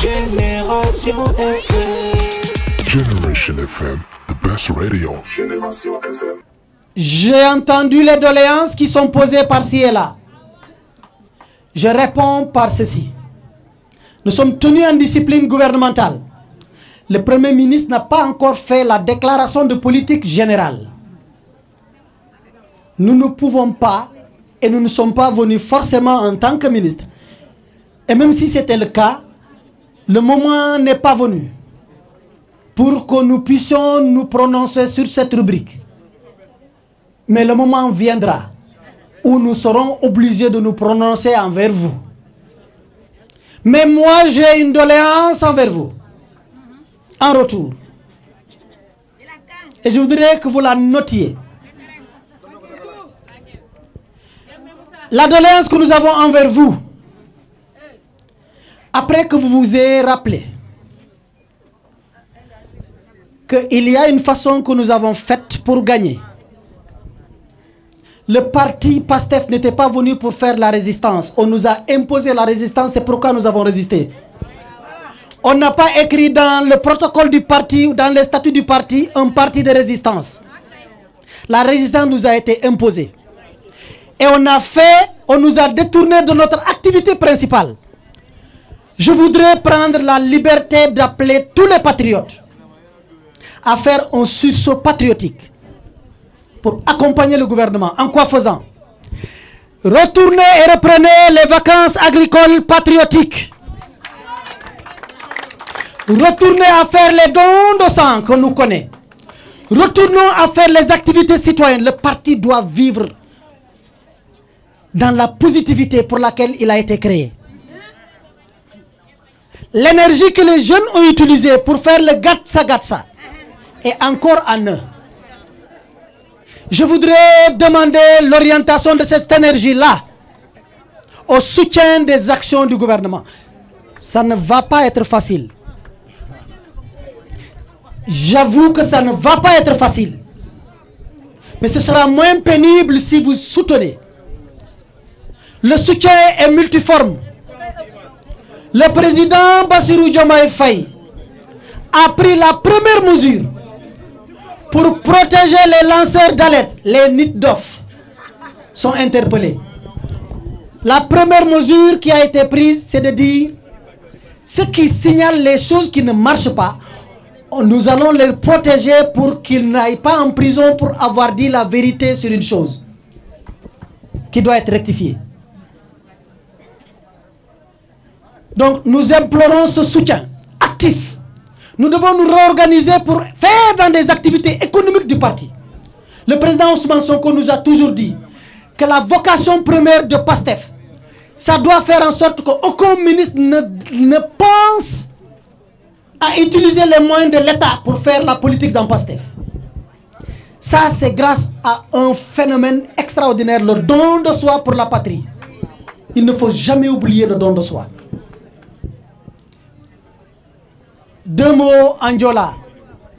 Génération FM. Generation FM, the best radio. J'ai entendu les doléances qui sont posées par-ci et là. Je réponds par ceci. Nous sommes tenus en discipline gouvernementale. Le Premier ministre n'a pas encore fait la déclaration de politique générale. Nous ne pouvons pas et nous ne sommes pas venus forcément en tant que ministre. Et même si c'était le cas, le moment n'est pas venu pour que nous puissions nous prononcer sur cette rubrique. Mais le moment viendra où nous serons obligés de nous prononcer envers vous. Mais moi, j'ai une doléance envers vous. En retour. Et je voudrais que vous la notiez. La doléance que nous avons envers vous, après que vous vous ayez rappelé qu'il y a une façon que nous avons faite pour gagner. Le parti PASTEF n'était pas venu pour faire la résistance. On nous a imposé la résistance, c'est pourquoi nous avons résisté. On n'a pas écrit dans le protocole du parti ou dans les statuts du parti un parti de résistance. La résistance nous a été imposée. Et on a fait, on nous a détourné de notre activité principale. Je voudrais prendre la liberté d'appeler tous les patriotes à faire un sursaut patriotique pour accompagner le gouvernement. En quoi faisant Retournez et reprenez les vacances agricoles patriotiques. Retournez à faire les dons de sang qu'on nous connaît. Retournons à faire les activités citoyennes. Le parti doit vivre dans la positivité pour laquelle il a été créé. L'énergie que les jeunes ont utilisée pour faire le Gatsa Gatsa est encore en eux. Je voudrais demander l'orientation de cette énergie-là au soutien des actions du gouvernement. Ça ne va pas être facile. J'avoue que ça ne va pas être facile. Mais ce sera moins pénible si vous soutenez. Le soutien est multiforme le président Basirou Diomaye Faye a pris la première mesure pour protéger les lanceurs d'alerte. Les NITDOF sont interpellés. La première mesure qui a été prise, c'est de dire ceux qui signalent les choses qui ne marchent pas, nous allons les protéger pour qu'ils n'aillent pas en prison pour avoir dit la vérité sur une chose qui doit être rectifiée. Donc nous implorons ce soutien actif. Nous devons nous réorganiser pour faire dans des activités économiques du parti. Le président Ousmane Sonko nous a toujours dit que la vocation première de PASTEF, ça doit faire en sorte qu'aucun ministre ne, ne, pense à utiliser les moyens de l'État pour faire la politique dans PASTEF. Ça, c'est grâce à un phénomène extraordinaire, le don de soi pour la patrie. Il ne faut jamais oublier le don de soi. deux mots en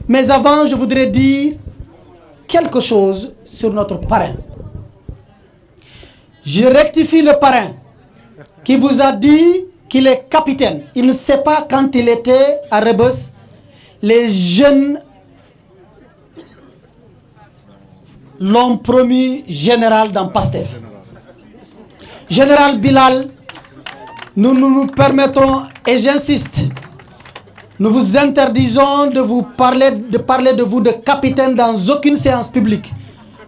Mais avant, je voudrais dire quelque chose sur notre parrain. Je rectifie le parrain qui vous a dit qu'il est capitaine. Il ne sait pas quand il était à Rebus, les jeunes l'ont promis général dans PASTEF. Général Bilal, nous, nous permettons, et j'insiste, nous vous interdisons de vous parler de, parler de vous de capitaine dans aucune séance publique.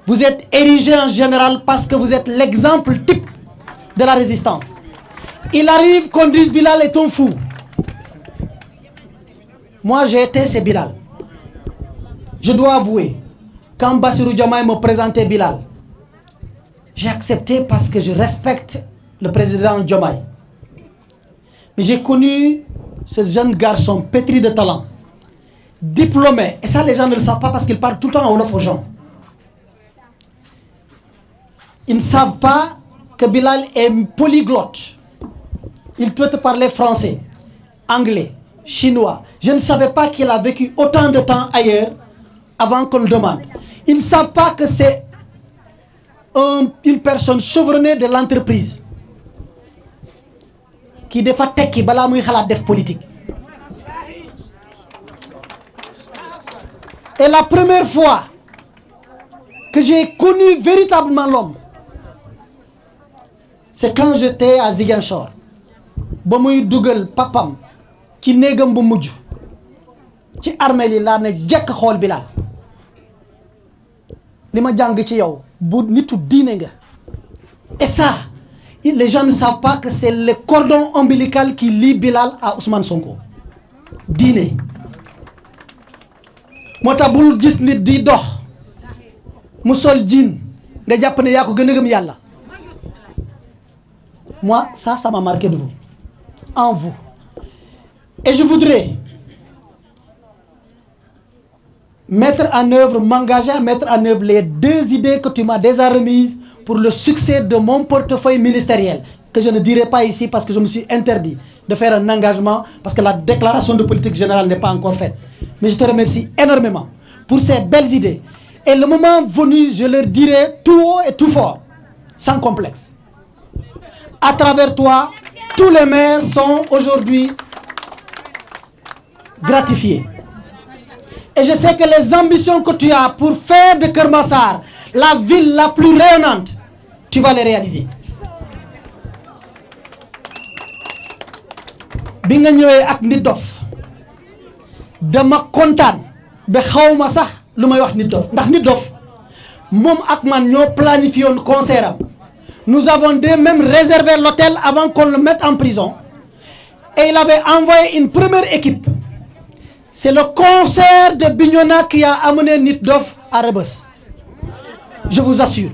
Vous êtes érigé en général parce que vous êtes l'exemple type de la résistance. Il arrive qu'on dise Bilal est un fou. Moi j'ai été c'est Bilal. Je dois avouer, quand Bassirou Diomaye me présentait Bilal, j'ai accepté parce que je respecte le président Diomaye. Mais j'ai connu ce jeune garçon pétri de talent, diplômé, et ça les gens ne le savent pas parce qu'il parlent tout le temps en offre aux gens. Ils ne savent pas que Bilal est polyglotte. Il peut te parler français, anglais, chinois. Je ne savais pas qu'il a vécu autant de temps ailleurs avant qu'on le demande. Ils ne savent pas que c'est une personne chevronnée de l'entreprise qui kii dafa teki bala muy xalat def politique et la première fois que j'ai connu véritablement l'homme c'est quand j'étais à Ziguinchor ba muy qui papam ci néegam bu mujj ci armeel yi laa ne jekk xool bilal lima jang ma dit ci yow bu nitu diine nga et ça les gens ne savent pas que c'est le cordon ombilical qui lie Bilal à Ousmane Sonko Dîner. moi ça ça m'a marqué de vous en vous et je voudrais mettre en œuvre m'engager à mettre en œuvre les deux idées que tu m'as déjà remises pour le succès de mon portefeuille ministériel, que je ne dirai pas ici parce que je me suis interdit de faire un engagement, parce que la déclaration de politique générale n'est pas encore faite. Mais je te remercie énormément pour ces belles idées. Et le moment venu, je leur dirai tout haut et tout fort, sans complexe. À travers toi, tous les maires sont aujourd'hui gratifiés. Et je sais que les ambitions que tu as pour faire de Kermassar la ville la plus rayonnante, tu vas les réaliser Si tu ñëwee ak nit dof dama kontaan ba xaw ma sax lu wax nit dof ndax nit dof ak man ñoo planifié un concert nous avons même réservé l'hôtel avant qu'on le mette en prison et il avait envoyé une première équipe c'est le concert de Bignona qui a amené Nit Dof à Rebus je vous assure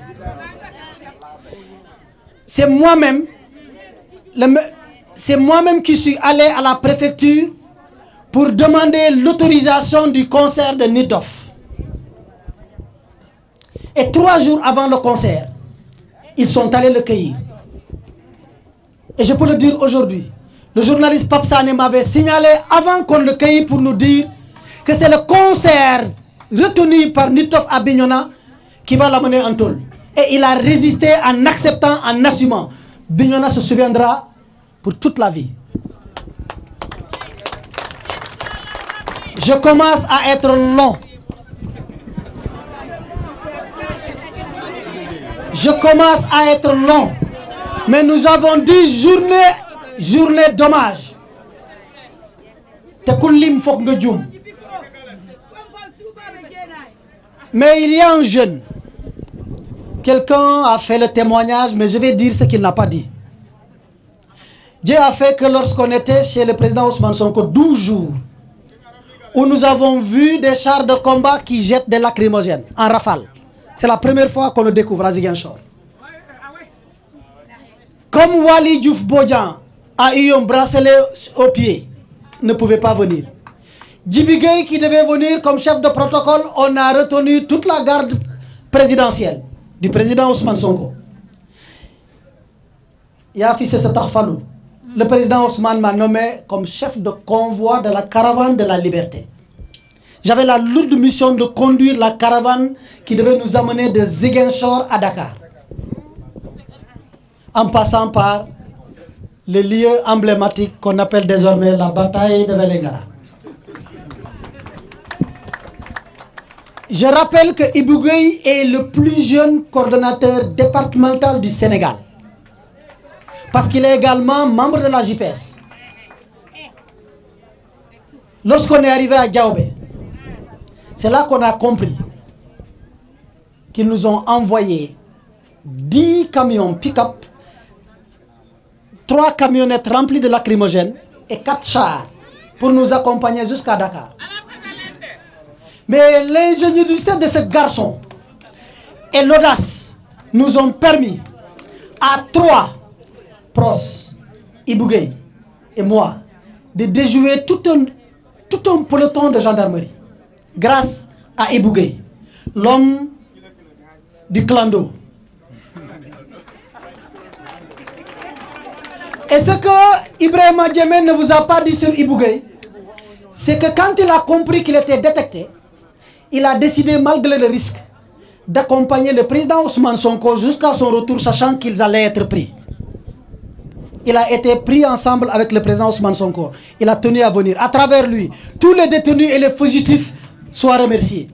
c'est moi-même, c'est moi-même qui suis allé à la préfecture pour demander l'autorisation du concert de Nitoff. Et trois jours avant le concert, ils sont allés le cueillir. Et je peux le dire aujourd'hui, le journaliste Papsane m'avait signalé avant qu'on le cueille pour nous dire que c'est le concert retenu par Nitoff Abignona qui va l'amener en tôle. Et il a résisté en acceptant, en assumant. Bignona se souviendra pour toute la vie. Je commence à être long. Je commence à être long. Mais nous avons dit journée, journée dommage. Mais il y a un jeune Quelqu'un a fait le témoignage, mais je vais dire ce qu'il n'a pas dit. Dieu a fait que lorsqu'on était chez le président Ousmane Sonko, 12 jours, où nous avons vu des chars de combat qui jettent des lacrymogènes en rafale. C'est la première fois qu'on le découvre à Ziguinchor. Comme Wali Diouf a eu un bracelet au pied, ne pouvait pas venir. Djibigay qui devait venir comme chef de protocole, on a retenu toute la garde présidentielle. Le président Ousmane Songo, y a le président Ousmane m'a nommé comme chef de convoi de la caravane de la liberté j'avais la lourde mission de conduire la caravane qui devait nous amener de Ziguinchor à Dakar en passant par le lieu emblématique qu'on appelle désormais la bataille de Velengara. Je rappelle que Ibougueï est le plus jeune coordonnateur départemental du Sénégal. Parce qu'il est également membre de la JPS. Lorsqu'on est arrivé à Diaobé, c'est là qu'on a compris qu'ils nous ont envoyé 10 camions pick-up, 3 camionnettes remplies de lacrymogènes et 4 chars pour nous accompagner jusqu'à Dakar. Mais l'ingéniosité de ce garçon et l'audace nous ont permis à trois pros, Ibougué et moi, de déjouer tout un, tout un peloton de gendarmerie grâce à Ibougué, l'homme du clan d'eau. Et ce que Ibrahim Adjemene ne vous a pas dit sur Ibougué, c'est que quand il a compris qu'il était détecté, il a décidé, malgré le risque, d'accompagner le président Ousmane Sonko jusqu'à son retour, sachant qu'ils allaient être pris. Il a été pris ensemble avec le président Ousmane Sonko. Il a tenu à venir. À travers lui, tous les détenus et les fugitifs soient remerciés.